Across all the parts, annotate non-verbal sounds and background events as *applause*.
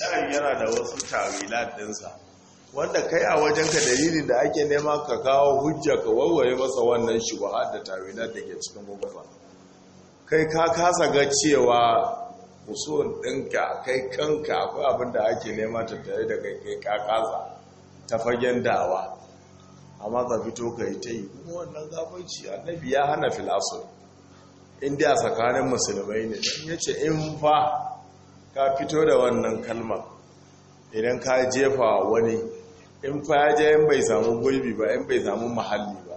ɗan yana da wasu tawilat ɗinsa wanda kai a wajenka dalilin da ake nema ka kawo hujja ka warware masa wannan wa da tawilat da ke cikin gugufa kai ka kasa ga cewa usulun ɗinka kai kanka akwai abin da ake nema tattare da kai kai ka kasa ta fagen dawa amma ka fito ka yi ta yi kuma wannan gabanci annabi ya hana filasofi indiya tsakanin musulmai ne ya ce in fa ka fito da wannan kalma idan ka jefa wani in faje in bai samu gulbi ba in bai samu mahalli ba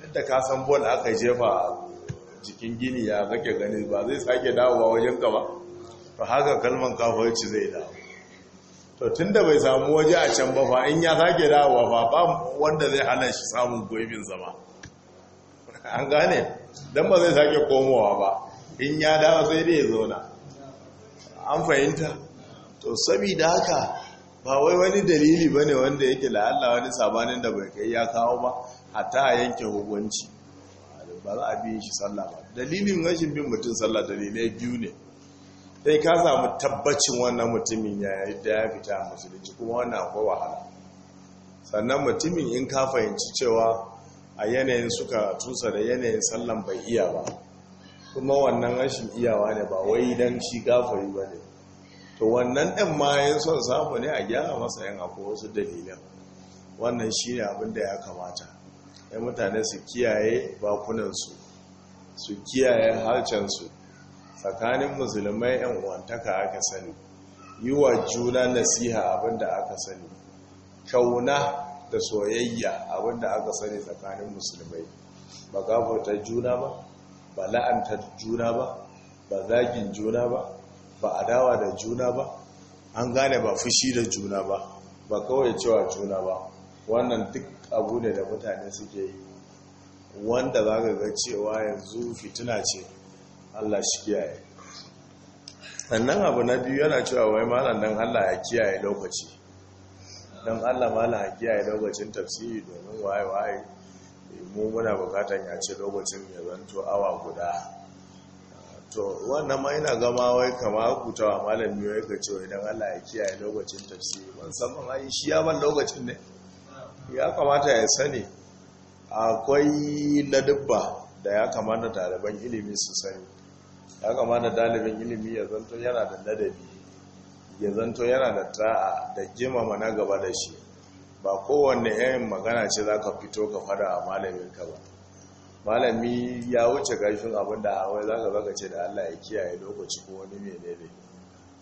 yadda ka san bol aka jefa jikin gini ya kake gani ba zai sake dawowa wajen ka ba to haka kalman kafarci zai dawo to tunda bai samu waje a can ba fa in ya sake dawowa ba, ba wanda zai hana shi samun goyibin zama an gane dan ba zai sake komowa ba in ya dawo sai dai ya zauna an fahimta to saboda haka ba wai wani dalili ba ne wanda yake la'alla wani sabanin da bai kai ya kawo ba a ta yanke hukunci ba za a biyin shi sallah ba dalilin rashin bin mutum sallah dalilai biyu ne sai ka samu tabbacin wannan mutumin ya da ya fita musulunci kuma wannan akwai wahala sannan mutumin in ka fahimci cewa a yanayin suka tusa da yanayin sallan bai iya ba kuma wannan rashin iyawa ne ba wai don shi gafari ba ne to wannan ɗan ma yin son samu ne a gyara masa yin akwai wasu dalilan wannan shi ne abin da ya kamata ya mutane su kiyaye bakunansu su kiyaye harcensu tsakanin musulmai yan uwantaka aka sani yi wa juna nasiha abin da aka sani kauna da soyayya abin da aka sani tsakanin musulmai ba gafarta juna ba ba la'anta juna ba ba zagin juna ba ba adawa da juna ba an gane ba fushi da juna ba ba kawai cewa juna ba wannan duk abu ne da mutane suke yi wanda za ga ga cewa yanzu fituna ce allah shi kiyaye sannan abu na biyu yana cewa wai malam don allah ya kiyaye lokaci don allah malam ya kiyaye lokacin tafsiri domin waye-waye mu muna bukatan ya ce lokacin ya zanto awa guda to wannan ma yana gama wai kama wa malami wai ka ce idan Allah ya kiyaye lokacin tafsi, ban ayi shi ya ban lokacin ne ya kamata ya sani akwai ladabba da ya kamata ɗaliban ilimi su sani ya kamata ɗaliban ilimi ya zanto yana da ladabi ya zanto yana da ta'a da girmama na gaba da shi ba kowanne yayin magana ce za ka fito ka fada a malaminka ba malami ya wuce gashin abin da hawa za ka zaka ce da allah ya kiyaye lokaci ko wani ne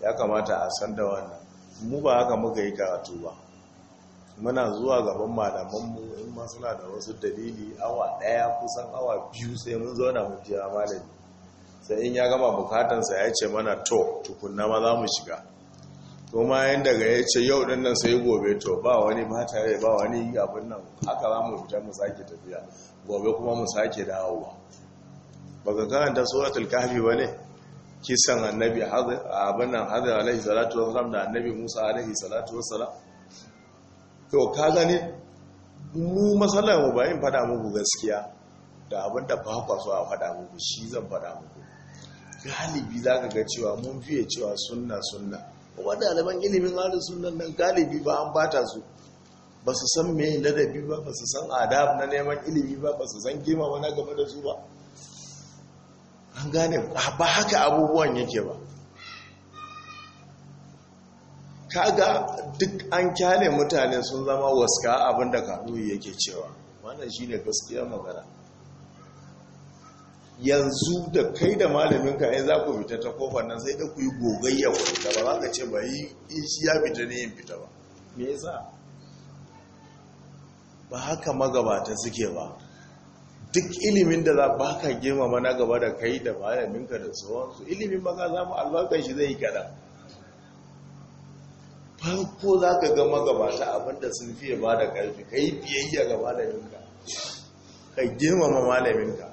ya kamata a san da wannan mu ba haka muka yi karatu ba muna zuwa gaban malamanmu in ma suna da wasu dalili awa ɗaya kusan awa biyu sai mun zauna mu jira malami sai in ya gama bukatansa ya ce mana to tukunna ma za mu shiga to ma yin daga ya ce yau ɗin nan sai gobe to ba wani ba tare ba wani abin nan aka ba mu fita mu sake tafiya gobe kuma mu sake dawowa ba ga karanta suratul kahfi ba ne kisan annabi abin nan hazir alaihi salatu wasalam da annabi musa alaihi salatu wasalam to ka gani mu matsalar mu bayan fada muku gaskiya da abin da ba kwa so a fada muku shi zan fada muku galibi za ka ga cewa mun fiye cewa sunna sunna kuma ɗaliban ilimin halin sunan nan galibi ba an bata su ba su san mai ladabi ba ba su san adab na neman ilimi ba ba su san gima wani game da su ba an gane ba haka abubuwan yake ba kaga duk an kyale mutane sun zama waska abinda kanuyi yake cewa wannan ne gaskiyar magana yanzu da kai da malamin ka za ku fita ta kofar nan sai da ku yi gogayya wa fita ba za ka ce ba yi shi ya fita ne yin fita ba me yasa ba haka magabata suke ba duk ilimin da za ba ka girmama na gaba da kai da malamin ka da sauransu ilimin ba ka mu albarkar shi zai yi kaɗan farko za ka ga magabata abinda sun fiye ba da karfi ka yi biyayya ga malaminka ka girmama malaminka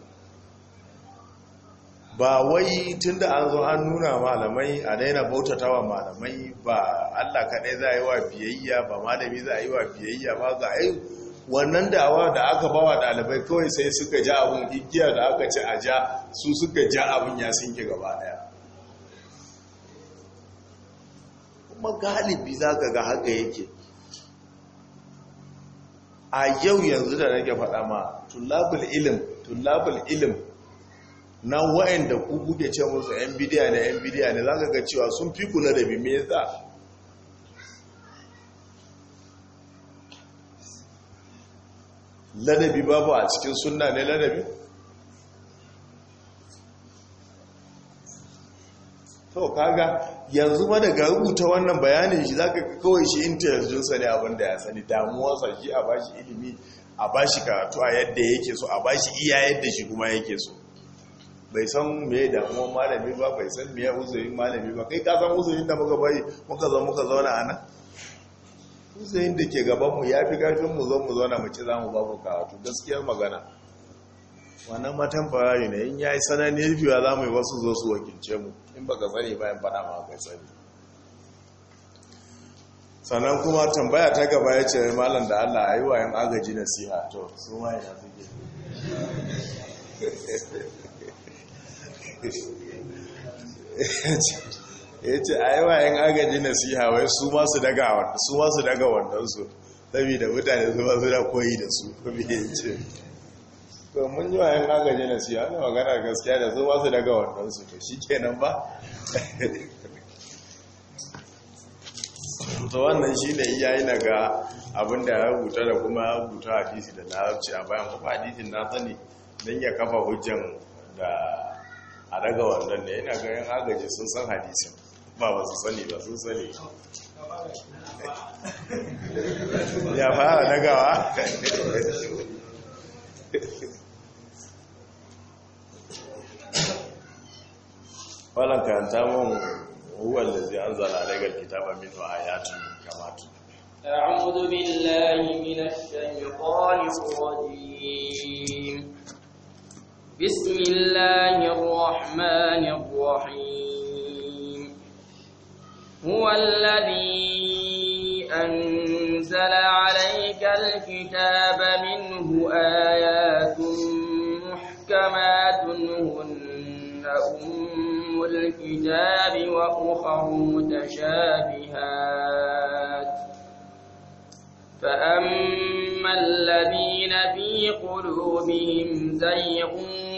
ba wai tun da an zo an nuna malamai a daina bautata wa malamai ba allah kaɗai za a yi wa biyayya ba malami za a yi wa biyayya ba ga a yi wannan dawa da aka ba wa ɗalibai kawai sai suka ja abin igiya da aka ci a ja su suka ja abin ya sinke gaba ɗaya kuma galibi za ka ga haka yake a yau yanzu da nake faɗa ma tullabul ilim tullabul ilim na da ku buge ce musu yan bidiya ne yan bidiya ne ka ga cewa sun fi kula da bi me ladabi babu a cikin suna ne ladabi to kaga yanzu ma daga rubuta wannan bayanin shi za ka kawai shi intelligence ne abinda ya sani Damuwa shi a bashi ilimi a bashi karatu a yadda yake so a bashi iya yadda shi kuma yake so bai san da kuma malami ba bai san mai uzurin malami ba kai kasan uzurin da muka bari muka zo muka zauna a nan uzurin da ke gabanmu ya fi karfin mu zo mu zauna mu ci za mu ba ku karatu gaskiyar magana wannan matan farari ne in ya yi sanani ya za mu yi wasu zo su wakilce mu in baka sani bayan fada ma kai sani sannan kuma tambaya ta gaba ya ce malam da allah a yi wayan agaji nasiha to su ma na suke yace ce a yin agaji nasiha wai su masu daga wanda su masu daga wannan su saboda mutane su masu da koyi da su kuma ya ce to mun yi wa yin agaji nasiha ana magana gaskiya da su masu daga wannan su to shi kenan ba to wannan shi ne iyayi na ga abin da ya rubuta da kuma ya rubuta hadisi da na larabci a bayan kuma hadisin na sani don ya kafa hujjan da a daga wannan da yana ganin agaji sun san hadisin ba ba su sani ba sun sani ya fara dagawa wannan karanta mun huwa allazi anzala alaykal kitaba a yatu kamatu a'udhu billahi minash shaytanir rajim بسم الله الرحمن الرحيم هو الذي أنزل عليك الكتاب منه آيات محكمات هن أم الكتاب وأخر متشابهات فأما الذين في قلوبهم زيغون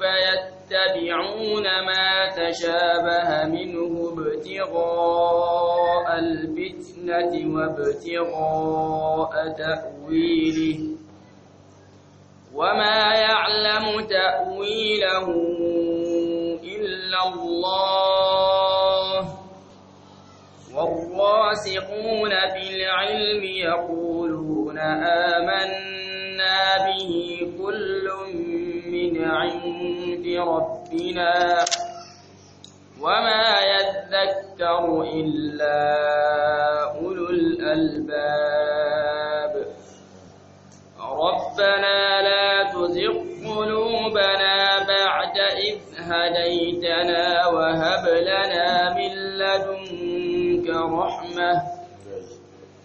فيتبعون ما تشابه منه ابتغاء الفتنة وابتغاء تأويله وما يعلم تأويله إلا الله والراسخون في العلم يقولون آمنا به كل من عند ربنا وما يذكر إلا أولو الألباب ربنا لا تزغ قلوبنا بعد إذ هديتنا وهب لنا من لدنك رحمة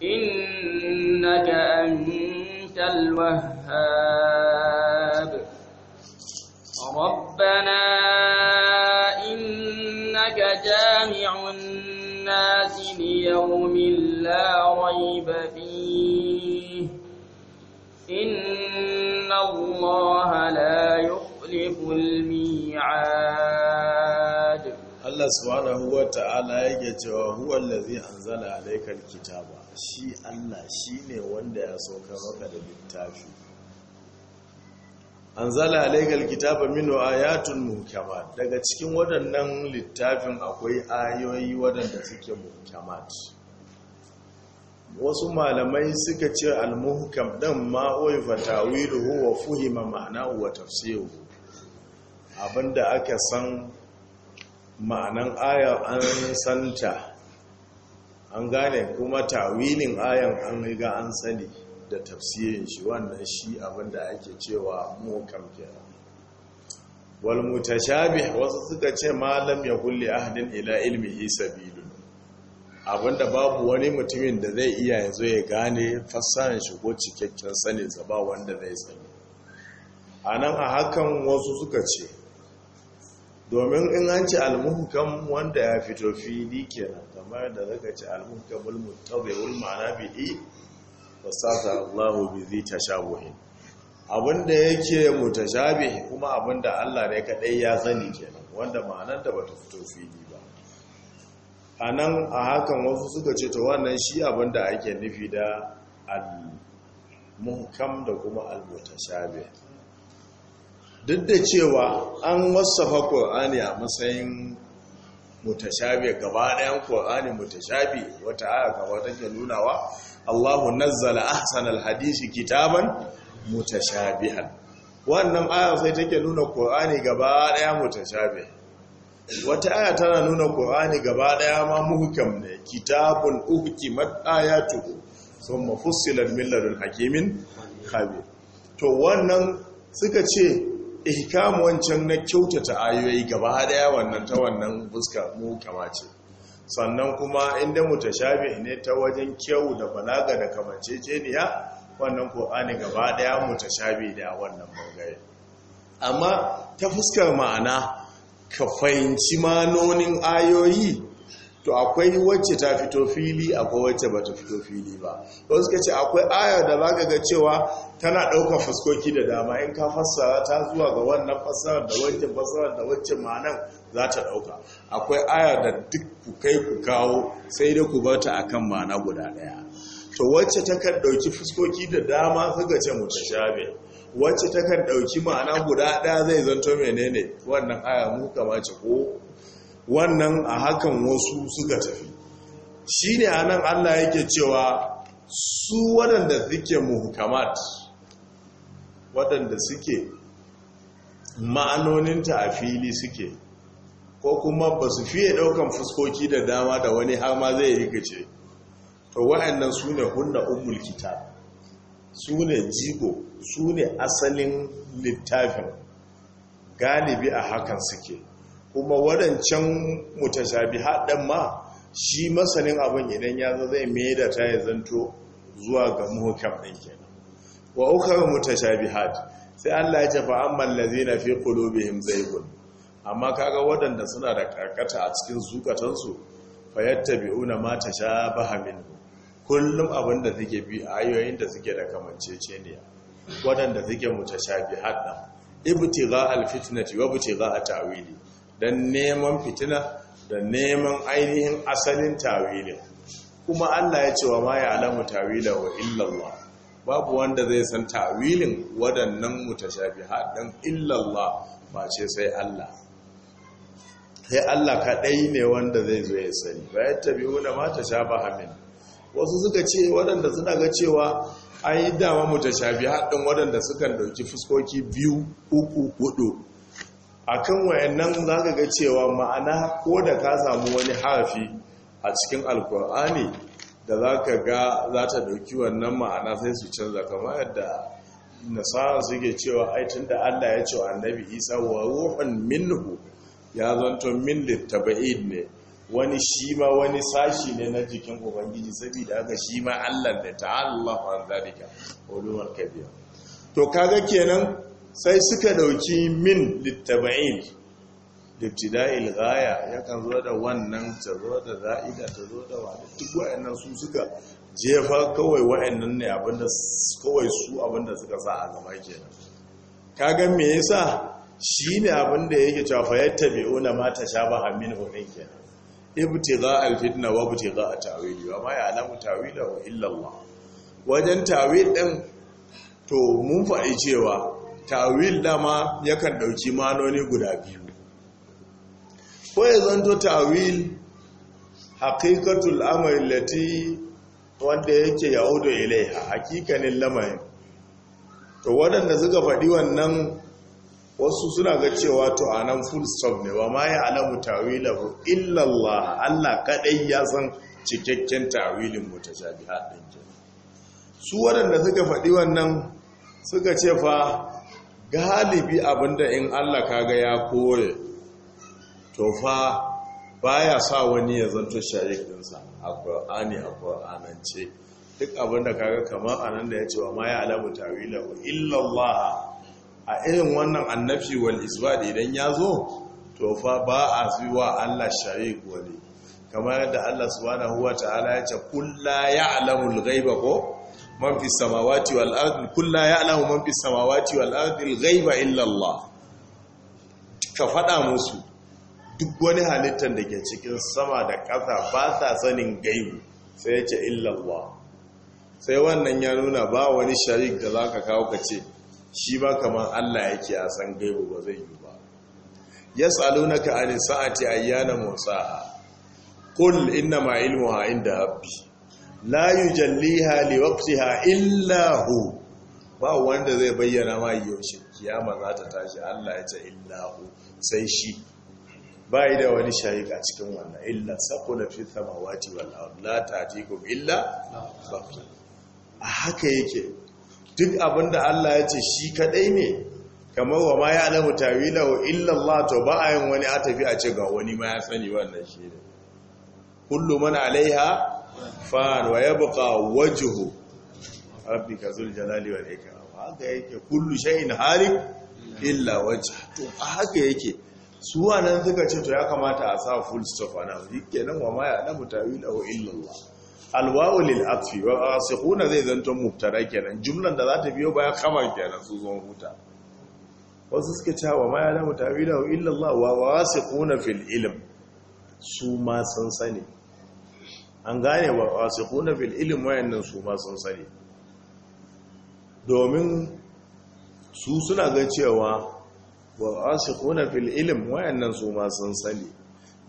إنك أنت الوهاب ربنا إنك جامع الناس ليوم لا ريب فيه إن الله لا يخلف الميعاد Allah subhanahu wa ta'ala yake cewa huwa allazi anzala alaykal kitaba shi Allah shine wanda ya saukar maka da littafi anzala alaikal kitaba minhu ayatun muhkamat daga cikin waɗannan littafin akwai ayoyi waɗanda suke muhkamat wasu malamai suka ce al-muhkam dan ma wai fatawiluhu wa fuhima ma'nahu wa tafsiru abinda aka san ma'anan aya an santa an gane kuma tawilin ayan an riga an sani da tafsirin shi wannan shi abinda ake cewa muhkam kenan wal mutashabih wasu suka ce malam ya kulli ahadin ila ilmi sabilun abinda babu wani mutumin da zai iya yanzu ya gane fassarar shi ko cikakken sani ba wanda zai sani anan a hakan wasu suka ce domin in an ci almuhukan wanda ya fito fili kenan kamar da zaka ci almuhkamul muttabi'ul ma'ana bi'i fasata Allahu bi zai tashabuhi abinda yake mutashabihi kuma abinda Allah ne kadai ya sani kenan wanda ma'anar da bata fito fili ba anan a hakan wasu suka ce to wannan shi abinda ake nufi da al muhkam da kuma al mutashabih duk da cewa an wasafa Qur'ani a matsayin mutashabih gaba ɗayan Qur'ani mutashabih wata aya gaba take nunawa Allahu nazzala ahsanal hadisi kitaban mutashabihan wannan aya sai take nuna Qur'ani gaba daya mutashabih wata aya tana nuna Qur'ani gaba daya ma muhkam ne kitabun uhkimat ayatu thumma fussilat min ladun hakimin khabir to wannan suka ce ihkam wancan na kyautata ayoyi gaba daya wannan ta wannan fuska mu kamace sannan kuma inda shafi ne ta wajen kyau da balaga da kamanceceniya wannan ƙo'ani gaba ɗaya shafi da wannan bangare amma ta fuskar ma'ana ka fahimci manonin ayoyi to akwai wacce ta fito fili akwai wacce ba ta fito fili ba ba suka ce akwai ayar da ba ga cewa tana ɗaukar fuskoki da dama in ka fassara ta zuwa ga wannan fassarar da wacce fassarar da wacce ma'anan za ta ɗauka akwai aya da duk ku kai ku kawo sai dai ku bata akan ma'ana guda ɗaya to wacce ta kan ɗauki fuskoki da dama suka ce mu mutashabi wacce ta kan ɗauki ma'ana guda ɗaya zai zanto menene wannan aya mu kamace ko wannan a hakan wasu suka tafi shi ne a nan allah yake cewa su waɗanda suke muhkamat waɗanda suke ma'anoninta a fili suke ko kuma ba su fiye daukan fuskoki da dama da wani har ma zai rikice to wa'annan su ne hunna ummul kitab su ne jigo su ne asalin littafin galibi a hakan suke kuma waɗancan mutashabi haɗin ma shi masanin abin idan ya zo zai mai da ta ya zanto zuwa ga muhukam ɗin ke wa ukar mutashabi sai Allah ya ce fa'amman lazina fi qulubihim zaygun amma kaga waɗanda suna da karkata a cikin zukatansu fayatta bi'una ma ta sha bahamin kullum abin da suke bi a ayoyin da suke da ne. waɗanda suke mutashabi hadda ibtigha alfitnati wa a ta'wili don neman fitina da neman ainihin asalin tawili kuma Allah ya ce wa ma ya alamu tawila wa illallah babu wanda zai san tawilin waɗannan mutashabihat dan illallah ba ce sai Allah sai Allah kaɗai ne wanda zai zo ya sani bayan tabi'u na mata sha ba amin wasu suka ce waɗanda suna ga cewa an yi dama mu ta shafi haɗin waɗanda suka ɗauki fuskoki biyu uku hudu a kan wayannan za ka ga cewa ma'ana ko da ka samu wani harafi a cikin alkur'ani da za ka ga za ta ɗauki wannan ma'ana sai su canza kama yadda nasara suke cewa aitin da allah ya ce annabi isa wa ruhun minhu ya zonto min littaba'id ne wani shi ma wani sashi ne na jikin ubangiji saboda haka shi ma Allah da ta'ala an zalika ulumar kabira to kaga kenan sai suka dauki min littaba'in libtida'il ghaya yakan zo da wannan ta zo da za'ida ta zo da wani duk wayannan su suka jefa kawai wayannan ne abinda kawai su abinda suka sa a gaba kenan kaga me yasa shi ne abinda yake cafayar yadda bai mata sha ba amin hudun ke ibti za a fitna wa buti za a tawili wa ma ya alamu tawila wa illallah wajen tawil ɗin to mun faɗi cewa tawil dama yakan ɗauki manoni guda biyu ko ya zanto tawil haƙiƙatul amari lati wanda yake yaudu ilaiha hakikanin lamarin to waɗanda suka faɗi wannan wasu suna ga cewa to a nan full stop ne wa ma ya alamu tawila ba Allah Allah kadai ya san cikakken tawilin mutashabihat din kenan su waɗanda suka faɗi wannan suka ce fa galibi abinda in Allah kaga ya kore to fa baya sa wani ya zanto sharik ɗinsa a Qur'ani a duk abinda kaga kamar anan da ya ce wa ma ya alamu tawila ba illallah a irin wannan annafi wal isbad idan ya zo to fa ba a zuwa Allah sharik wani kamar yadda Allah subhanahu wa ta'ala ya ce kulla ya'lamu al-ghaiba ko man fi samawati wal ardi kulla ya'lamu man fi samawati wal ardi al-ghaiba illa Allah ka fada musu duk wani halittar da ke cikin sama da ƙasa ba sa sanin gaibu sai ya ce illa sai wannan ya nuna ba wani sharik da za ka kawo ka ce shi ba kamar Allah yake a san gaibu ba zai yi ba Ya yasalunaka an sa'ati ayyana musaha qul inna ma ha inda rabbi la yujalliha liwaqtiha illa hu ba wanda zai bayyana ma yaushe kiyama za ta tashi Allah ya ce illa hu sai shi ba yi da wani sharik a cikin wannan illa sakula fi samawati wal ard la ta'tikum illa a haka yake duk abin da Allah ya ce shi kadai ne kamar wa ma ya alamu tawilahu illa Allah to ba a yin wani a tafi a ce ga wani ma ya sani wannan shi ne kullu man alaiha fan wa yabqa wajhu rabbika zul jalali wal ikram haka yake kullu shay'in halik illa wajh to haka yake su wannan suka ce to ya kamata a sa full stop ana kenan wa ma ya alamu tawilahu illa Allah alwawu lil atfi wa asiquna zai zanto mubtada kenan jumlan da za ta biyo baya khabar kenan su zo huta wasu suke cewa ma ya damu ta'wilahu illa Allah wa wasiquna fil ilm su ma san sani an gane wa wasiquna fil ilm wayannan su ma san sani domin su suna ga cewa wa wasiquna fil ilm wayannan su ma san sani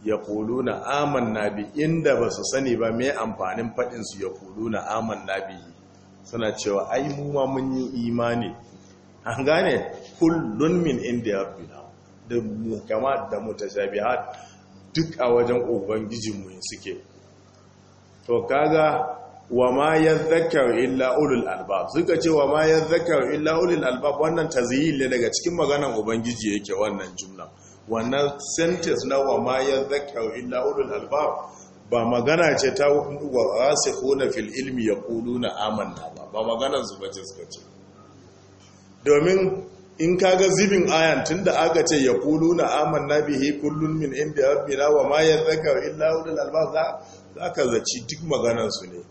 ya kuluna na bi inda ba su sani ba mai amfanin faɗinsu ya kuluna na bi suna cewa ai mu ma mun yi imani an gane kullun min inda rabbina da kama da mutashabihat duk a wajen ubangijinmu suke to kaga wa ma yadhakkaru illa ulul albab suka ce wa ma yadhakkaru illa ulul albab wannan tazyil ne daga cikin maganan ubangiji yake wannan jumla wannan sentence na wa ma ya zakau illa ulul albab ba magana ce ta wa asikhuna fil ilmi yaquluna amanna ba ba magana su ce suka ce domin in kaga zibin ayan tunda aka ce yaquluna amanna bihi kullun min inda rabbina wa ma ya zakau illa ulul albab za ka zaci duk maganar su ne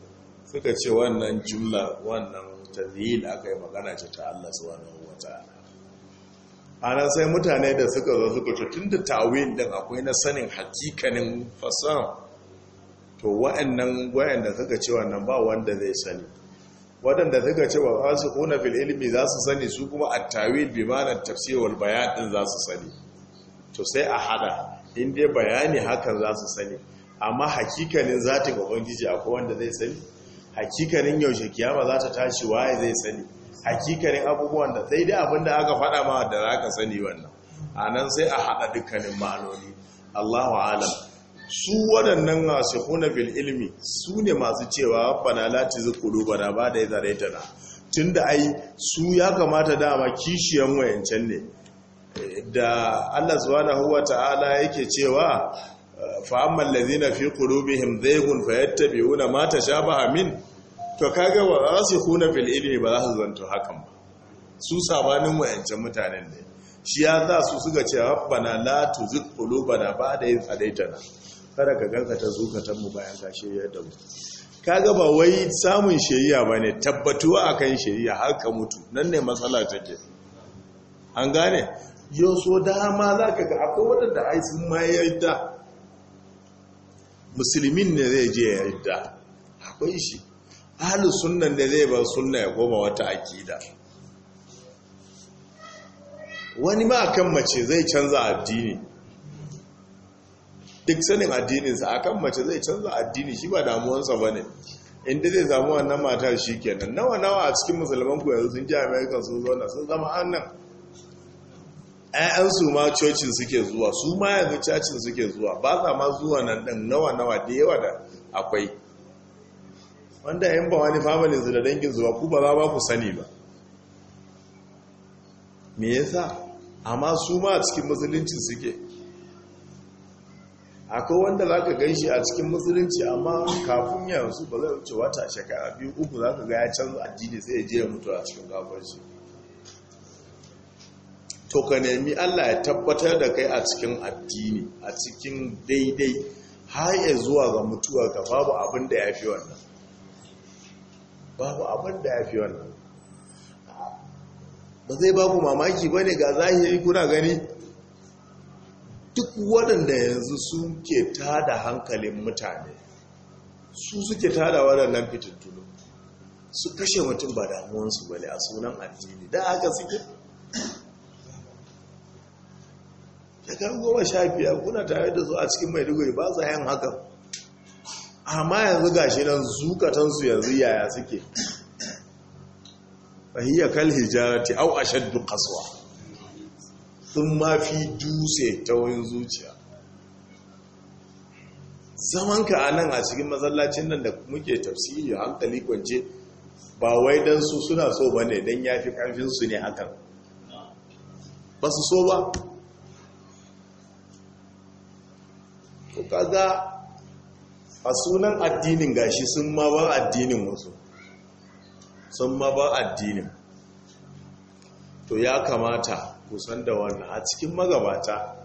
suka ce wannan jumla wannan tazhil aka yi magana ce ta Allah subhanahu wataala ana sai mutane da suka zo suka ce tun da tawil din akwai na sanin hakikanin fasan to wa'annan da suka ce wannan ba wanda zai sani waɗanda suka ce za su kuna fil ilmi za su sani su kuma a tawil bi tafsirar tafsir wal bayan za su sani to sai a hada in dai bayani hakan za su sani amma hakikanin zatin ubangiji akwai wanda zai sani hakikanin yaushe kiyama za ta tashi waye zai sani hakikarin abubuwan da sai dai abinda aka faɗa ma da za ka sani wannan a nan sai a haɗa dukkanin ma'anoni allahu alam su waɗannan masu kuna bil ilmi su ne masu cewa bana lati zukuru bana ba da ya zare ta na tun da ai su ya kamata dama kishiyan wayancan ne da allah subhanahu wa ta'ala yake cewa fa'amman lazina fi qulubihim zaygun fayattabi'una ma tashabaha min to kaga su kuna fil ilmi ba za su zanto hakan ba su sabanin wayancan mutanen ne shi ya za su suka ce bana la bana qulubana ba'da yin hadaytana kada ka garkata zukatan mu bayan ka shirya da mu kaga ba wai samun shari'a bane tabbatuwa akan shari'a har ka mutu nan ne matsala take an gane yau so dama za ka ga akwai wadanda ai sun ma yarda musulmin ne zai je yarda akwai shi ahalin sunan da zai bar suna ya koma wata akida wani ma akan mace zai canza addini duk sanin addininsa akan mace zai canza addini shi ba damuwansa ba ne inda zai samu wannan mata shi kenan nawa nawa a cikin musulman ku yanzu sun ji amerika sun zo na sun zama annan su ma cocin suke zuwa su ma yanzu cacin suke zuwa ba za ma zuwa nan nawa nawa da yawa da akwai wanda yan ba wani famalin su da dangin su ba ku ba za ba ku sani ba me yasa amma su ma a cikin musulunci suke akwai wanda za ka gan shi a cikin musulunci amma kafin yanzu ba zai wuce wata shekara biyu uku za ka ga ya canza addini sai ya je ya mutu a cikin kafarci to ka nemi allah ya tabbatar da kai a cikin addini a cikin daidai har ya zuwa ga mutuwa ka babu abin da ya fi wannan babu abin da ya fi wannan ba zai baku mamaki ba ne ga zahiri kuna gani duk waɗanda yanzu suke tada hankalin mutane su suke tada waɗannan fitattunu su kashe mutum ba damuwansu ba ne a sunan addini da haka suke kan goma sha biyar kuna tare da su a cikin maiduguri ba za yin hakan amma yanzu shi nan zukatansu yanzu yaya suke fahiyar kal hijarati au shaddu qaswa sun mafi dutse ta wurin zuciya zaman ka a nan a cikin matsalacin nan da muke tafsiri hankali kwance ba wai dan su suna so ba ne don ya fi su ne hakan ba su so ba to kaga a sunan addinin gashi sun ma ba addinin wasu sun ma ba addinin to ya kamata kusan da wannan a cikin magabata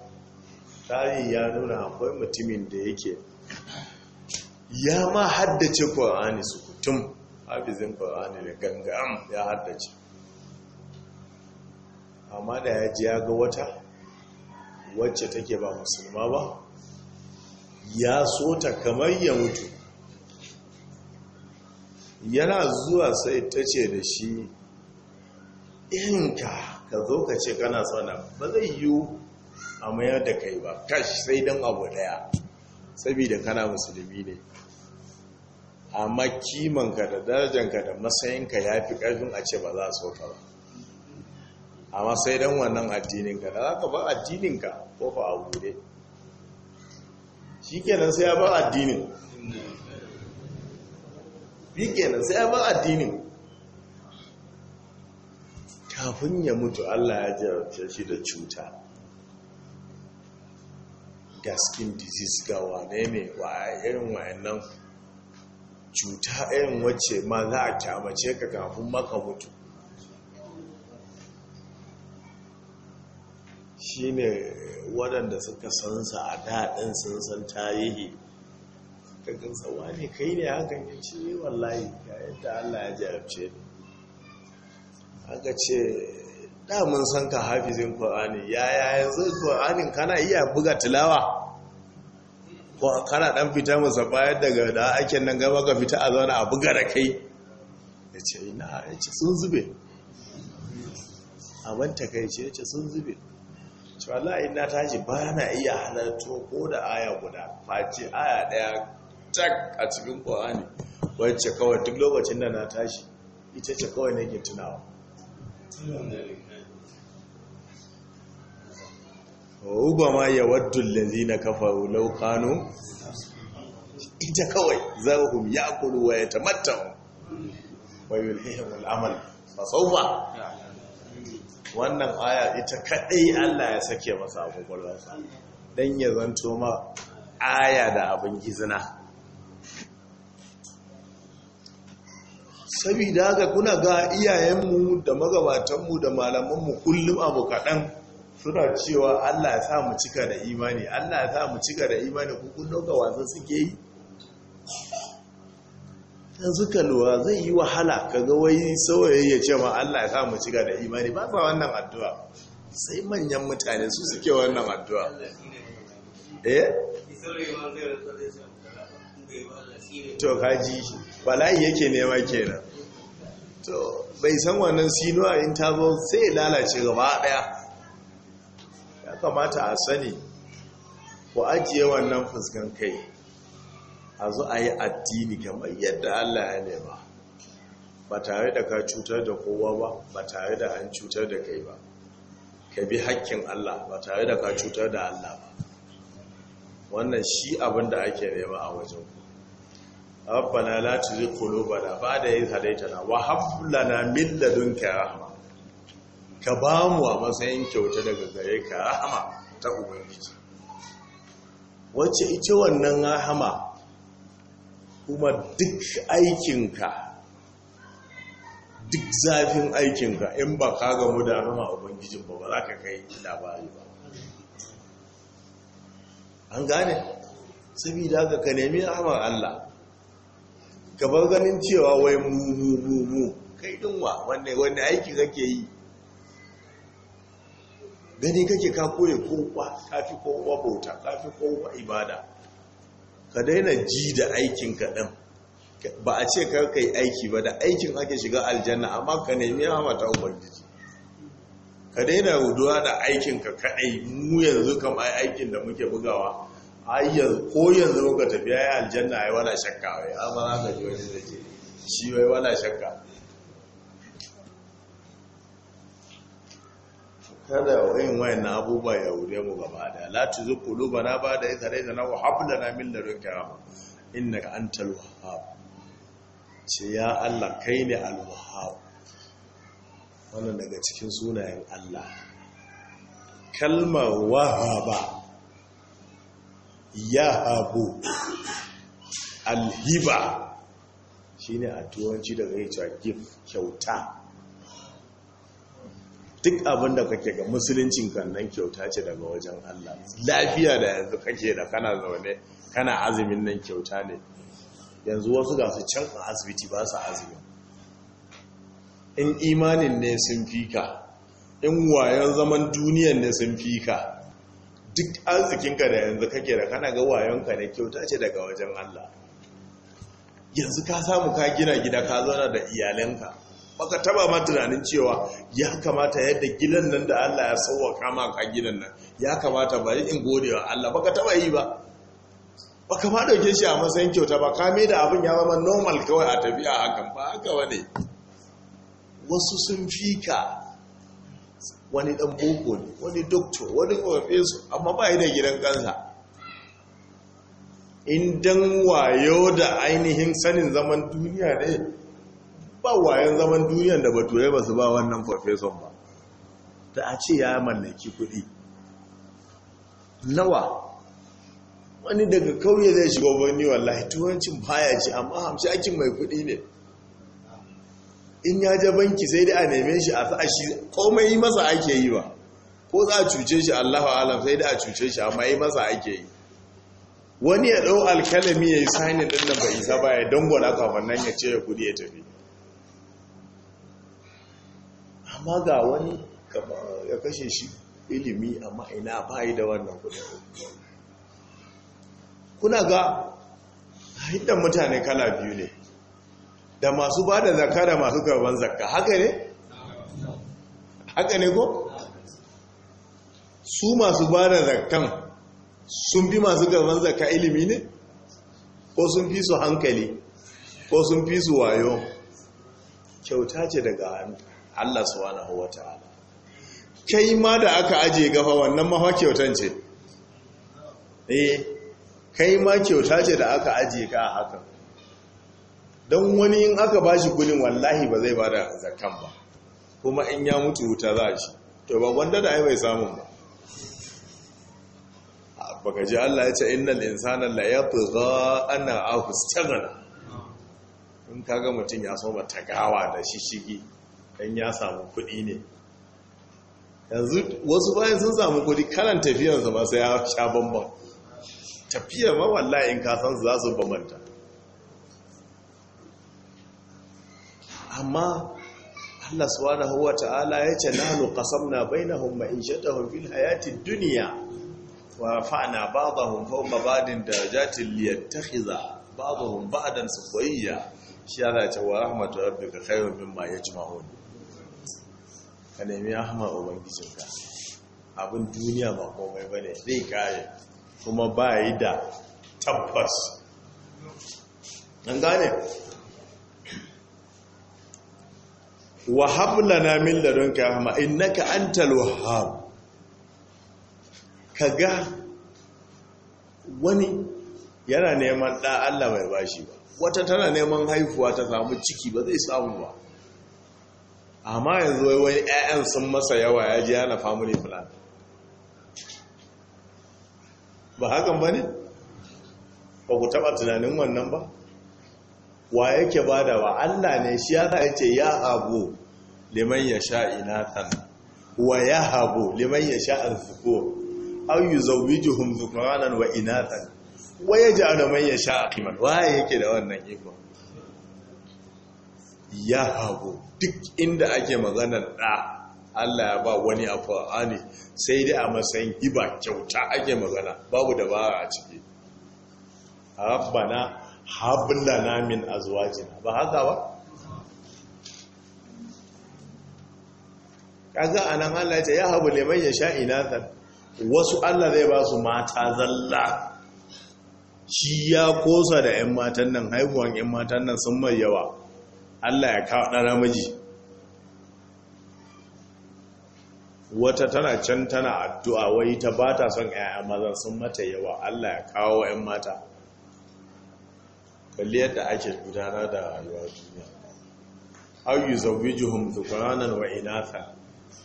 tarihi ya nuna akwai mutumin da yake ya ma haddace ƙwa'ani su kutum abizin ƙwa'ani da gangan ya haddace amma da ya ji ya ga wata wacce take ba musulma ba ya so ta kamar ya mutu yana zuwa sai ta ce da shi inka ka zo ka ce kana sana ba zai yi a mayar da kai ba kashi sai don abu daya saboda kana musulmi ne amma kimanka da darajanka da matsayinka ya fi ƙarfin a ce ba za a so ba amma sai dan wannan addininka da za ka ba addininka ko fa a bude shi kenan sai ya bar addinin shi kenan sai ya bar addinin kafin ya mutu Allah ya jarabta shi da cuta ga skin disease ga wane ne irin nan? cuta irin wacce ma za a kyamace ka kafin maka mutu Shi ne waɗanda suka san sa a daɗin sun san tarihi ka gansa ne kai ne hakan ci yi, eh, wallahi yayin da Allah ya jarabce ni Haka ce damun san ka hafizin ya yaya yanzu ƙwa'anin kana iya buga tilawa ko kana ɗan fita musa bayan daga da ake nan gaba ka fita a zauna a buga da kai ya ce ina ya ce sun zube abin takaice ya ce sun zube cewa la'ayin na tashi ba na iya halarto ko da aya guda face aya daya tak a cikin ƙwa'ani wacce kawai duk lokacin da na tashi ita ce kawai nake tunawa ruba ma ya waddun lalzi na kafaru laukano ita kawai zarhum ya kuru wa ya tamatta wa yulhihim al'amal ba? wannan aya ita kaɗai Allah ya sake masa abubuwan kwakwalwarsa don ya zanto ma aya da abin gizina Sabida haka kuna ga iyayenmu da magabatanmu da malamanmu kullum abu kaɗan suna cewa Allah ya sa mu cika da imani Allah ya sa mu cika da imani kukun ɗauka wasan suke yi ta ka lura zai yi wahala ka ga wai saurayi ya ce ma Allah ya sa mu cika da imani ba sa wannan addu'a sai manyan mutane su suke wannan addu'a eh to kaji bala'i yake nema kenan to bai san wannan sinuwa in ta zo sai lalace gaba daya ya kamata a sani ku ajiye wannan fuskan kai a zo a yi addini kamar yadda Allah ya nema ba tare da ka cutar da kowa ba ba tare da an cutar da kai ba ka bi hakkin Allah ba tare da ka cutar da Allah ba wannan shi abin da ake nema a wajen ku rabbana la ba da ba'da idh na wa hab na min ladunka rahma ka ba mu a matsayin kyauta daga gare ka rahama ta ubangiji wacce ita wannan rahama kuma duk aikinka duk zafin aikinka in ba ka gamu da rama ubangijin ba ba za ka kai labari ba an gane saboda haka ka nemi rahmar Allah ka ganin cewa wai mu mu mu kai dinwa wanne wanne aiki kake yi gani kake ka koya kowa kafi kowa bauta kafi kowa ibada ka daina ji da aikin kaɗan ba a ce kar ka yi aiki ba da aikin ake shiga aljanna amma ka nemi rahama ta ubangiji ka daina ruduwa da aikin ka kaɗai mu yanzu kam ai aikin da muke bugawa ayyar ko yanzu ka tafiya ya aljanna ai wala shakka wai amma za ka ji wani da ce shi wai wala shakka kada wayin wayan na abubuwa ya wure mu gaba da la tuzu na ba da ita da na wahabla na min ladunka inna ka antal wahhab ce ya Allah kai ne al wahhab wannan daga cikin sunayen Allah kalmar wahaba ya habu alhiba shine a turanci daga yace gif kyauta duk abin da kake ga musuluncin kannan kyauta ce daga wajen Allah lafiya da yanzu kake da kana zaune kana azumin nan kyauta ne yanzu wasu ga su can a asibiti ba su azumi in imanin ne sun fika in wayan zaman duniyan ne sun fika duk arzikinka da yanzu kake da kana ga wayonka ne kyauta ce daga wajen Allah yanzu ka samu ka gina gida ka zauna da iyalanka baka taba ma tunanin cewa ya kamata yadda gidan nan da Allah ya sauwaka ma ka gidan nan ya kamata yi in gode wa Allah baka taba yi ba baka ma dauke shi a matsayin kyauta ba ka da abin ya zama normal kawai a tafiya hakan ba haka bane wasu sun fika wani dan boko ne wani doktor wani su amma ba yi da gidan kansa in dan wayo da ainihin sanin zaman duniya ne ba wayan zaman duniyan da baturai ba su ba wannan farfeson ba ta a ce ya mallaki kuɗi nawa wani daga kauye zai shiga birni wallahi turancin baya ce amma hamshakin mai kuɗi ne in ya ja banki sai da a neme shi a sa komai yi masa ake yi ba ko za a cuce shi allahu alam sai da a cuce shi amma yi masa ake yi wani ya ɗau alkalami ya yi sainin ɗin nan bai isa ba ya dangwala kafin nan ya ce ya kudi ya tafi amma ga wani ya kashe shi ilimi amma ina bayi da wannan kudin kuna ga hiddan mutane kala biyu ne da masu ba da zaka da masu karban zaka haka ne? haka ne ko? su masu ba da zakkan sun fi masu karban zaka ilimi ne? ko sun fi su hankali ko sun fi su wayo kyauta ce daga hannu Allah subhanahu wataala kai ma da aka aje gafa wannan mafa kyautan ce eh kai ma kyauta ce da aka aje ka a haka don wani in aka bashi gulin wallahi ba zai ba da zakan ba kuma in ya mutu wuta za shi to ba gwanda da ai bai samun ba baka ji Allah ya ce innal insana la yatgha ana ahu staghna in kaga mutum ya so ba tagawa da shishigi dan ya samu kuɗi ne yanzu wasu bayan sun samu kuɗi karan tafiyarsa ba sai ya sha bambam tafiyar ma in kasan za su bambanta amma Allah subhanahu wa ta'ala ya ce nahnu qasamna bainahum ma'ishatahum fil hayati dunya wa rafa'na ba'dahum fawqa ba'din darajatin liyattakhiza ba'dahum ba'dan subayya shi Allah ya ce wa rahmatu rabbika khayrun mimma yajma'un ka nemi rahama ubangijinka abin duniya ba komai ba ne zai kare kuma ba yi da tabbas an gane wa hablana min ka rahma innaka antal Ka ga wani yana neman ɗa Allah bai bashi ba wata tana neman haifuwa ta samu ciki ba zai samu ba amma yanzu wai wani 'ya'yan sun masa yawa ya ji yana family plan ba hakan ba ne ba ku taɓa tunanin wannan ba wa yake ba da wa allah ne shi ya ce ya abu liman ya sha inatan wa ya abu liman ya sha alfuko an yi zaubijuhun zukuranan wa inatan wa ya ji Liman ya sha akiman wa yake da wannan ikon ya hagu duk inda ake maganar ɗa Allah ya ba wani a Qur'ani sai dai a matsayin hiba kyauta ake magana babu dabara a ciki rabbana hab a zuwa jina ba haka ba a nan Allah ya ce ya habu ya sha inatar? wasu Allah zai ba su mata zalla shi ya kosa da 'yan matan nan haihuwan 'yan matan nan sun mai yawa Allah ya kawo ɗana miji wata tana can tana addu'a wai ta ba ta son ‘ya'ya mazan sun mata yawa Allah ya kawo ‘yan mata kalli yadda ake gudanar da rayuwa duniya auyi zaubijihun zukuranan wa inata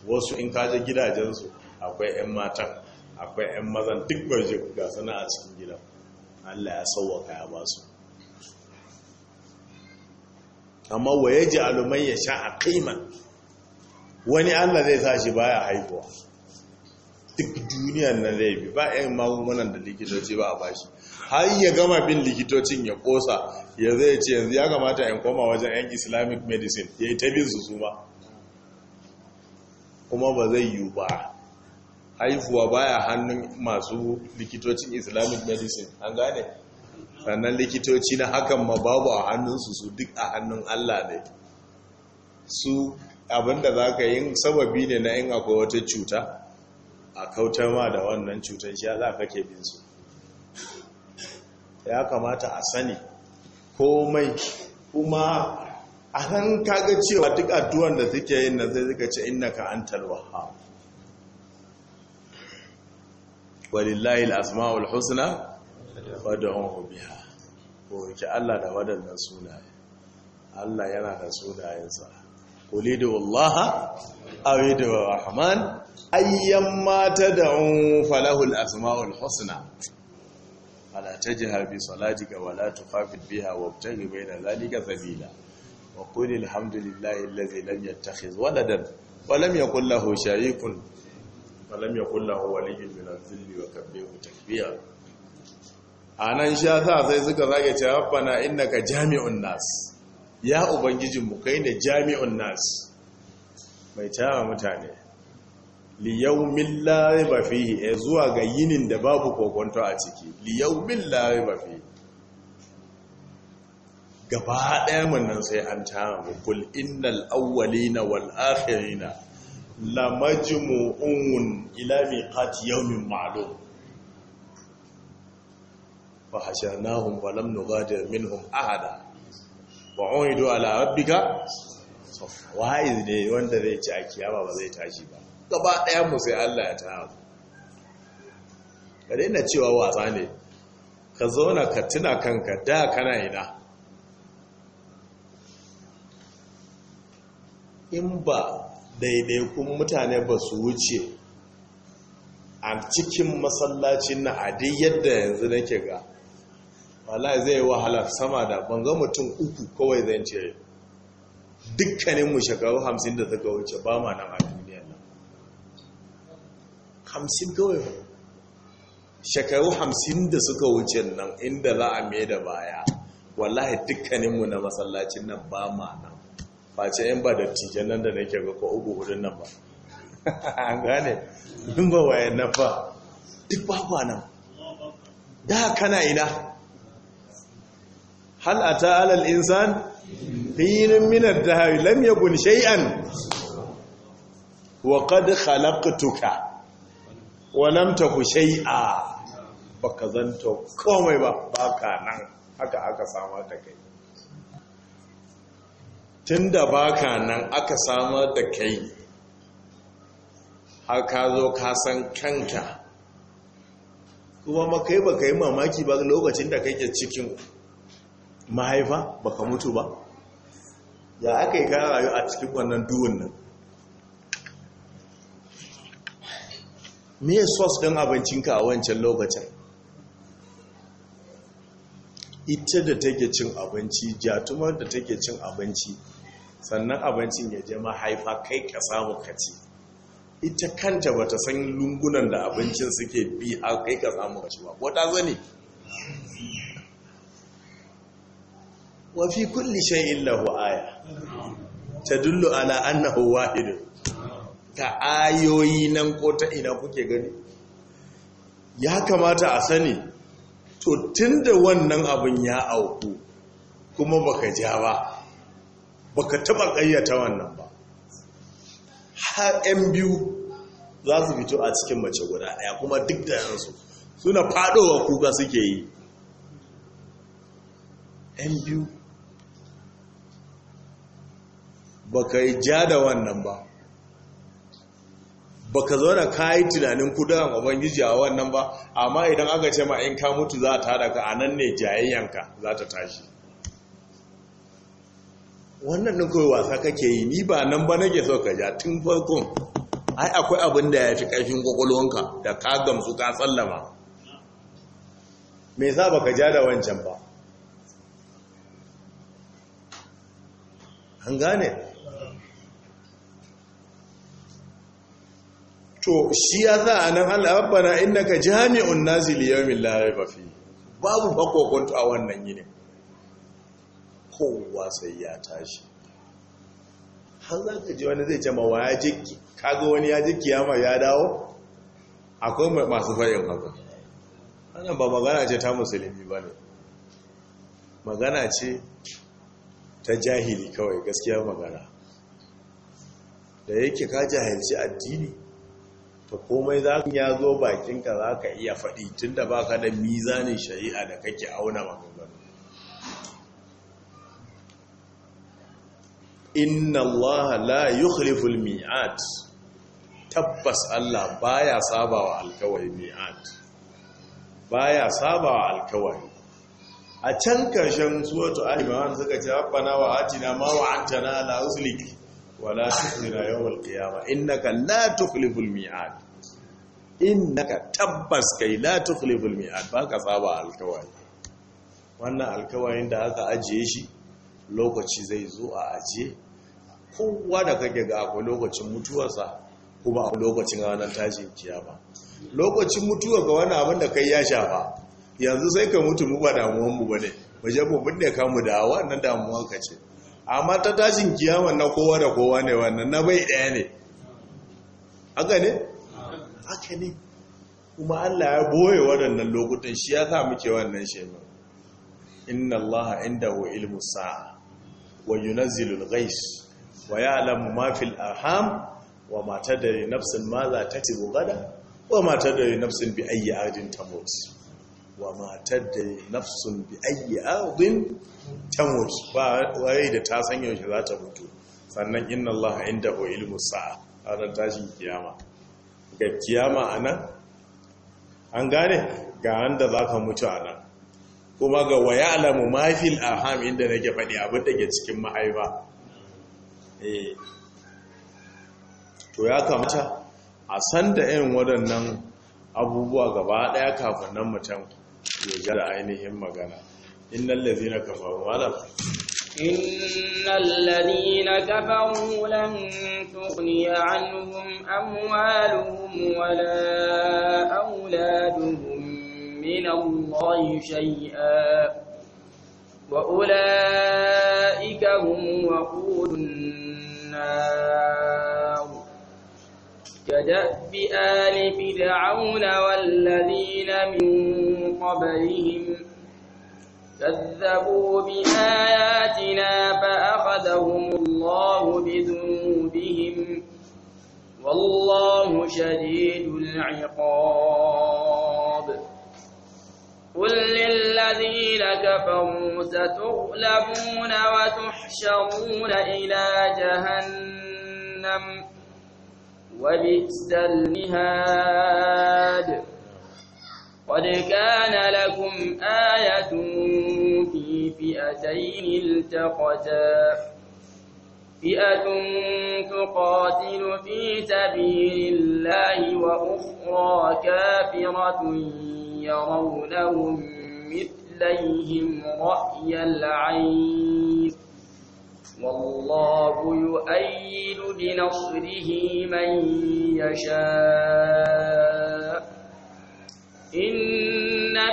wasu in kaji gidajensu akwai ‘yan matan akwai ‘yan mazan duk barje ga suna a cikin gida Allah ya sauwaka ya ba su amma wa ya ji alumai ya sha a kaiman wani allah zai sa shi baya haifuwa. duk duniyan nan zai bi ba yan magungunan da likitoci ba a bashi har ya gama bin likitocin ya kosa ya zai ce yanzu ya kamata in koma wajen yan islamic medicine ya yi ta bin su suma kuma ba zai yiwu ba haifuwa baya hannun masu likitocin islamic medicine an gane sannan likitoci na hakan ma babu a hannunsu su duk a hannun Allah ne su abinda za ka yi sababi ne na yin akwai wata cuta a kautar ma da wannan cutar shi za ka ke bin su ya kamata a sani komai kuma a nan kaga cewa duk addu'an da suke yin na zai zika ce inna ka an ha walillahi al'asma'ul husna wada'uhu biha ko yake Allah da wadannan sunaye Allah yana da sunayensa da wallaha awi awidu rahman ayyamma tad'u falahul asmaul husna fala tajhar bi salatika wala tukhafit biha wabtaghi bayna dhalika sabila wa qul alhamdulillahi alladhi lam yattakhidh waladan wa lam yakul lahu sharikun wa lam yakul lahu waliyyun min adh-dhilli wa kabbihu takbira a nan sha sa sai suka zage ce rabbana innaka jami'un nas ya ubangijinmu kai ne jami'un nas mai tara mutane liyaumin lariba fihi e zuwa ga yinin da babu kokonto a ciki liyaumin lariba fihi gaba daya nan sai an tara mu kul innal awwalina wal akhirina lamajmu'un ila miqati yawmin ma'lum فحشرناهم ولم نغادر منهم أحدا وعوندوا على ربك واعظ ne wanda zai ci a kiyama ba zai tashi ba gaba ɗaya mu sai Allah ya tara mu ka daina cewa wasa ne ka zauna ka tuna kanka da kana ina in ba kun mutane ba su wuce a cikin masallacin na adi yadda yanzu nake ga wallahi zai wahala sama da ban ga mutum uku kawai zan ce dukkanin mu shekaru 50 da suka wuce ba ma nan a duniya nan 50 kawai shekaru 50 da suka wuce nan inda za a me da baya wallahi dukkanin mu na masallacin nan ba ma nan face in ba da tijan nan da nake ga ko uku hudun nan ba *laughs* an gane dun ba wayan nan ba duk ba nan da kana ina hal a alal insan hinin minar hari lam gun shay'an wa qad khalaqtuka wa lam taku shay'a baka zanto komai ba baka nan haka aka samar da kai tunda baka nan aka samar da kai har ka zo ka san kanka kuma makai baka yi mamaki ba lokacin da kake cikin mahaifa baka mutu ba ya aka yi kara a cikin wannan duwun nan me sos ɗin abincinka a wancan lokacin ita da take cin abinci jatumar da take cin abinci sannan abincin ya je mahaifa kai ka samu kaci ita kanta ba ta san lungunan da abincin suke bi a kai ka samu kaci ba ko ta zane wa fi kulli shay'in illahu aya tadullu ala annahu wahid ta ayoyi nan ko ta ina kuke gani ya kamata a sani to tunda wannan abun ya auku kuma baka ja ba baka taba kayyata wannan ba har yan biyu za su fito a cikin mace guda ɗaya kuma duk da yansu suna fadowa kuka suke yi yan biyu baka yi ja da wannan ba baka zo da kayi tunanin kudurin ubangiji a wannan ba amma idan aka ce ma in ka mutu za ta daga a nan ne jayayyanka za ta tashi wannan ɗin kawai wasa kake yi ni ba nan ba nake so ka ja tun farkon ai akwai abin da ya fi ƙarfin kwakwalwanka da ka gamsu ka tsallama me za baka ja da wancan ba an gane to shi ya za a nan Allah inda ka jami'un nasi li min la rayba fi babu fakokonto a wannan yini kowa sai ya tashi har za ka ji wani zai jama wa ya je kaga wani ya ya kiyama ya dawo akwai masu fayin haka ana ba magana ce ta musulmi ba ne magana ce ta jahili kawai gaskiya magana da yake ka jahilci addini Ka komai za ka ya zo bakinka za ka iya faɗi tun da ba ka da mizanin shari'a da kake auna maganganu inna allaha la yukhliful mi'at tabbas Allah baya sabawa alkawari mi'at baya sabawa alkawari a can karshen suratu al-imran suka ce rabbana wa atina ma wa'adtana ala rusulik wala tukhlina yawmal qiyamah innaka la tukhliful mi'ad innaka tabbas kai la tukhliful mi'ad baka saba alkawari wannan alkawarin da aka ajiye shi lokaci zai zo a ajiye kowa da kake ga akwai lokacin mutuwarsa kuma akwai lokacin ranar tashin kiyama lokacin mutuwa ga wani abin da kai ya shafa yanzu sai ka mutu mu ba damuwan mu bane mu je mu binne ka mu da wannan damuwan ka ce amma ta tashin kiyama na kowa da kowa ne wannan na bai ɗaya ne haka ne? haka ne kuma Allah ya boye waɗannan lokutan shi ya sa muke wannan shema inna Allah wa ilmu sa'a wa yunazzilul ghais wa ya'lamu ma fil arham wa ma tadri nafsin ma za ta gada wa ma tadri nafsin bi ayyi ardin tamut wa matar da nafsun bi ayi ardin tamut ba waye da ta san yaushe za ta mutu sannan inna allaha inda indahu ilmu sa'a ranar tashin kiyama ga kiyama anan an gane ga wanda ka mutu anan kuma ga waya alamu mafil aham inda nake faɗi abin da ke cikin mahaifa eh. to ya kamata a san da irin waɗannan abubuwa gaba ɗaya kafin nan mutum ya عينهم ainihin magana innal ladhina kafaru إن الذين كفروا لن تغني عنهم أموالهم ولا أولادهم من الله شيئا وأولئك هم وقود كدأب آل فرعون والذين من قبلهم كذبوا بآياتنا فأخذهم الله بذنوبهم والله شديد العقاب قل للذين كفروا ستغلبون وتحشرون إلى جهنم وبئس المهاد قد كان لكم آية في فئتين التقتا فئة تقاتل في سبيل الله وأخرى كافرة يرونهم مثليهم رأي العين والله يؤيد بنصره من يشاء إن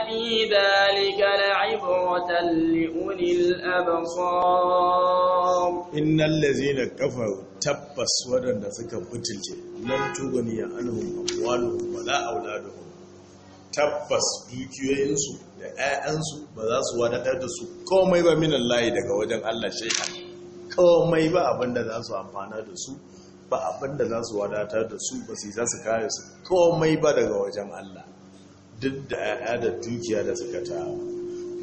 في ذلك لعبرة لأولي الأبصار إن الذين كفروا تبس ودن ذكا بتلج لن تغني عنهم أموالهم ولا أولادهم tabbas dukiyoyinsu da 'ya'yansu ba za su wadatar da su komai ba min Allah daga wajen Allah shay'an komai ba abinda za su amfana da su ba abinda za su wadatar da su ba su za su kare su komai ba daga wajen Allah duk da ya'ya da dukiya da suka ta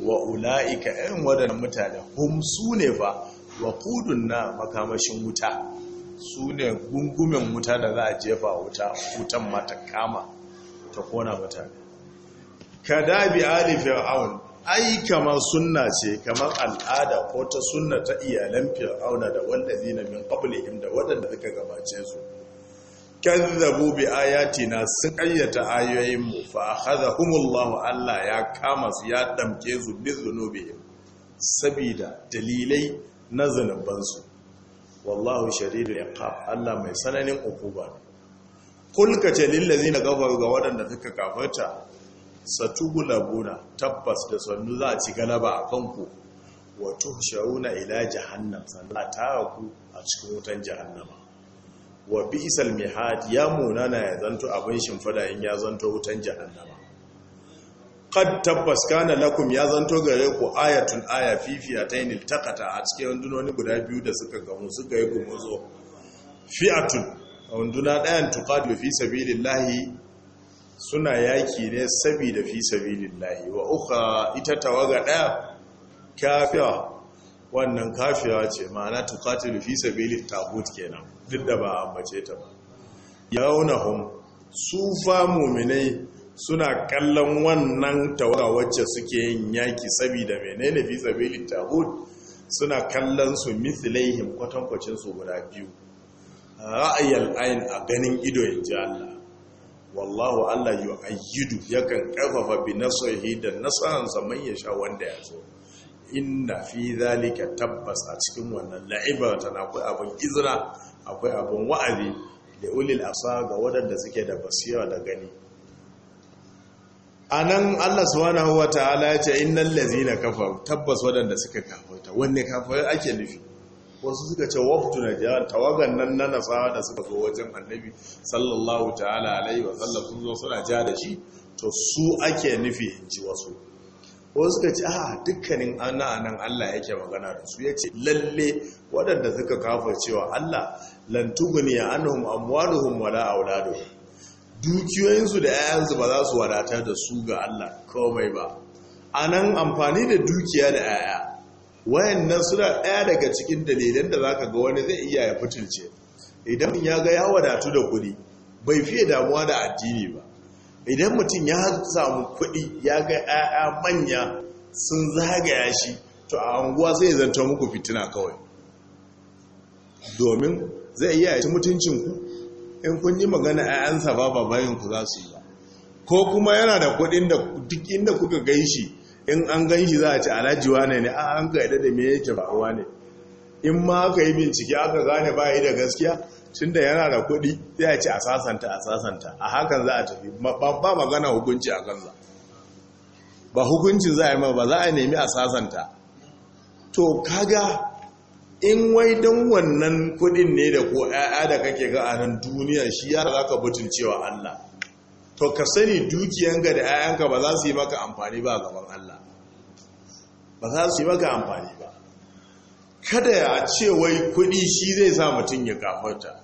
wa ula'ika yan waɗannan mutane hum su ne fa wa kudun na makamashin wuta su ne gungumin wuta da za a jefa wuta wutan mata kama ta kona mutane ka bi ali fir'aun ai kamar sunna ce kamar al'ada ko ta sunna ta iyalan fir'auna da zina min qablihim da waɗanda suka gabace su kazzabu bi ayatina sun ayyata ayoyin mu fa akhadhahumullahu Allah ya kama su ya damke su bi sabida dalilai na su. wallahu shadidul iqab Allah mai sananin ukuba kulka ce lillazina gafaru ga waɗanda suka kafarta guna tabbas da sannu za a ci galaba a kanku wato shauna ila jahannam sannan a tara ku a cikin wutan jahannama wa bi'sal mihad ya munana ya zanto abin shimfada in ya zanto wutan jahannama kad tabbas kana lakum ya zanto gare ku ayatun aya fifiyatayn iltaqata a cikin wandunoni guda biyu da suka gamu suka yi gumuzo fi'atun runduna ɗayan tuqadu fi sabilillahi suna yaki ne saboda fi layi. wa uka ita tawaga ɗaya kafiya wannan kafiya ce ma'ana da fi sabilit tagut kenan duk da ba ambace ta ba yawnahum su fa mu'minai suna kallon wannan tawaga wacce suke yin yaki sabida menene fi sabilit tagut suna kallon su mithilaihim kwatankwacin su guda biyu ra'ayyar ayin a ganin ido ji Allah wallahu Allah yi ayyidu kan ƙarfafa bi nasarhi da nasaransa man ya sha wanda ya zo. inna fi zalika tabbas a cikin wannan la'ibaratan akwai abin izra akwai abin wa'azi da ulil asa ga waɗanda suke da basira da gani a nan Allah subhanahu wa ta'ala ya ce innal lazina kafa tabbas waɗanda suka kafarta wanne kafa ake nufi wasu suka ce waftu na jihar tawagan nan na nasa da suka zo wajen annabi sallallahu ta'ala alaihi wa sallam sun zo suna ja da shi to su ake nufi in ji wasu wasu suka ce a ah, dukkanin ana nan Allah yake magana da su ya ce lalle waɗanda suka kafa cewa Allah lantuguni ya amwaluhun wada a wadado dukiyoyinsu da 'ya'yansu ba za su wadatar da su ga Allah komai ba A nan, amfani da dukiya da 'ya'ya wayannan suna ɗaya daga cikin dalilan da za ka ga wani zai iya ya fitilce idan ya ga ya wadatu da kuɗi bai fiye damuwa da addini ba idan mutum ya samu kuɗi ya ga 'ya'ya manya sun zagaya shi to a anguwa zai zanta muku fitina kawai domin zai iya ya ci mutuncinku in kun yi magana 'ya'yansa ba babayinku za su yi ba ko kuma yana da kuɗin da duk inda kuka gai shi in an gan shi za a ci alhaji wane ne an kaida da me yake faruwa ne in ma aka yi bincike aka gane ba yi da gaskiya tun da yana da kuɗi sai a ci a sasanta a sasanta a hakan za a tafi ba magana hukunci a kansa ba hukuncin za a yi ma ba za a nemi a sasanta to kaga in wai don wannan kuɗin ne da ko 'ya'ya da kake ga a nan duniya shi ya za ka cewa Allah to ka sani dukiyanka da 'ya'yanka ba za su yi maka amfani ba gaban Allah ba za su yi maka amfani ba kada ya ce wai kuɗi shi zai sa mutum ya kafarta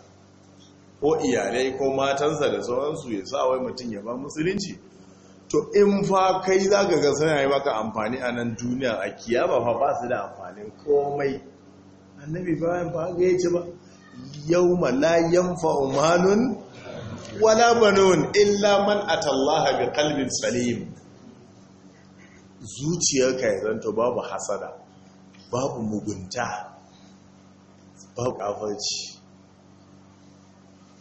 ko iyalai ko matansa da sauransu ya sa wai mutum ya ba musulunci to in fa kai za ka ga suna yi maka amfani a nan duniya a kiyama fa ba su da amfanin komai annabi bayan ba ga yace ba yau ma yanfa umanun wala banun illa man atallaha bi qalbin salim zuciyarka ya zanto babu hasada babu mugunta babu kafarci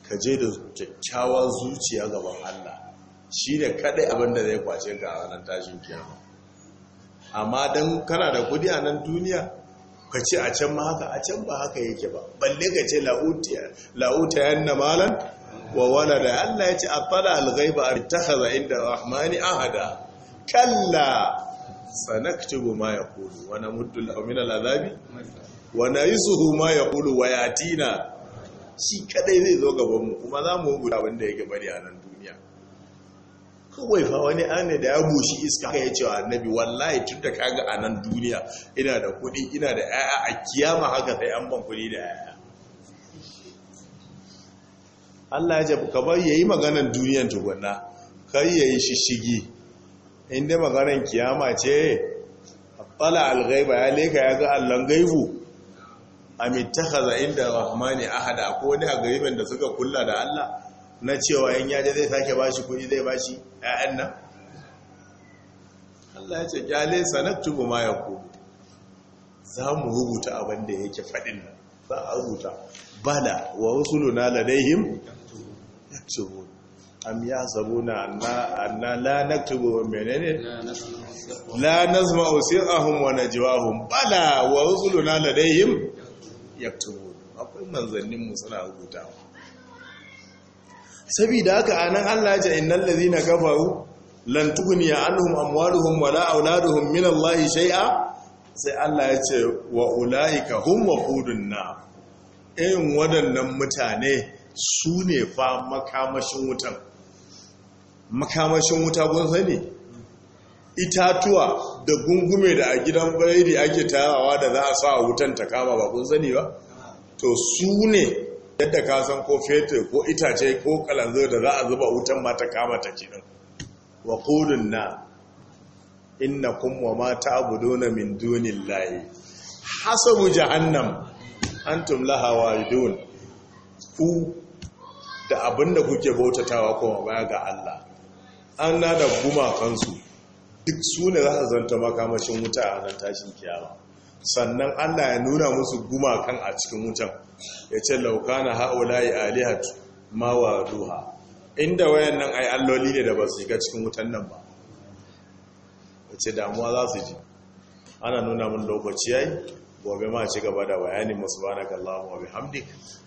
ka je da kyakkyawar zuciya gaban Allah shi ne kaɗai abinda zai kwace ka a ranar tashin kiyama amma don kana da kudi a nan duniya ka ce a can ma haka a can ba haka yake ba balle ka ce la'uta yan na malan wa wala da Allah ya ce a fada alghaiba a haza inda rahmani ahada kalla sanaktubu ma yaqulu wa namuddu lahu min al'azabi wa nayisuhu ma yaqulu wa yatina shi kadai zai zo gaban kuma za mu hukunta wanda yake bari a nan duniya kawai fa wani ne da ya goshi iska ya ce annabi wallahi tun da kaga a nan duniya ina da kuɗi ina da 'ya'ya a kiyama haka sai an ban kudi da 'ya'ya. Allah ya jabu ka bar yayi maganan duniyan tukunna kai yayi shishigi inda maganin kiyama ce tsala algaiba ya leka ya ga allon gaibu a mitakaza inda rahmani ahada ko wani a gaiben da suka kulla da allah na cewa in yaje zai sake bashi kudi zai bashi ya'yan nan allah ya ce kyale tubu ma ya ku za mu rubuta abinda yake faɗin nan za a rubuta bala wa wasu rusuluna ya tubu am ya sabuna anna la naktubu menene la nazma usirahum wa najwahum bala wa rusuluna ladayhim yaktubun akwai manzannin mu suna rubutawa saboda haka anan Allah ya ce innal ladina kafaru lan tughniya anhum amwaluhum wala auladuhum min Allah shay'a sai Allah ya ce wa ulaika hum waqudun na in waɗannan mutane su ne fa makamashin wutan makamashin wuta kun sani itatuwa da gungume da a gidan bayani ake tarawa da za a sa a wutan ta kama ba kun sani ba to su ne yadda ka san ko fetur ko itace ko kalanzo da za a zuba wutan ma ta kama ta kenan wa qulun na inna wa ma dona min dunillahi hasabu jahannam antum lahawa walidun ku da abinda kuke bautatawa kuma baya ga Allah an nada gumakansu duk su ne za a zanta makamashin wuta a nan tashin kiyama sannan allah ya nuna musu gumakan a cikin wutan ya ce laukana ha'ulayi alihatu ma duha inda wayan nan ai alloli ne da ba su ga cikin wutan nan ba ya ce damuwa za su ji ana nuna mun lokaci yayi gobe ma ci gaba da bayanin musubhanakallahumma wa Hamdi.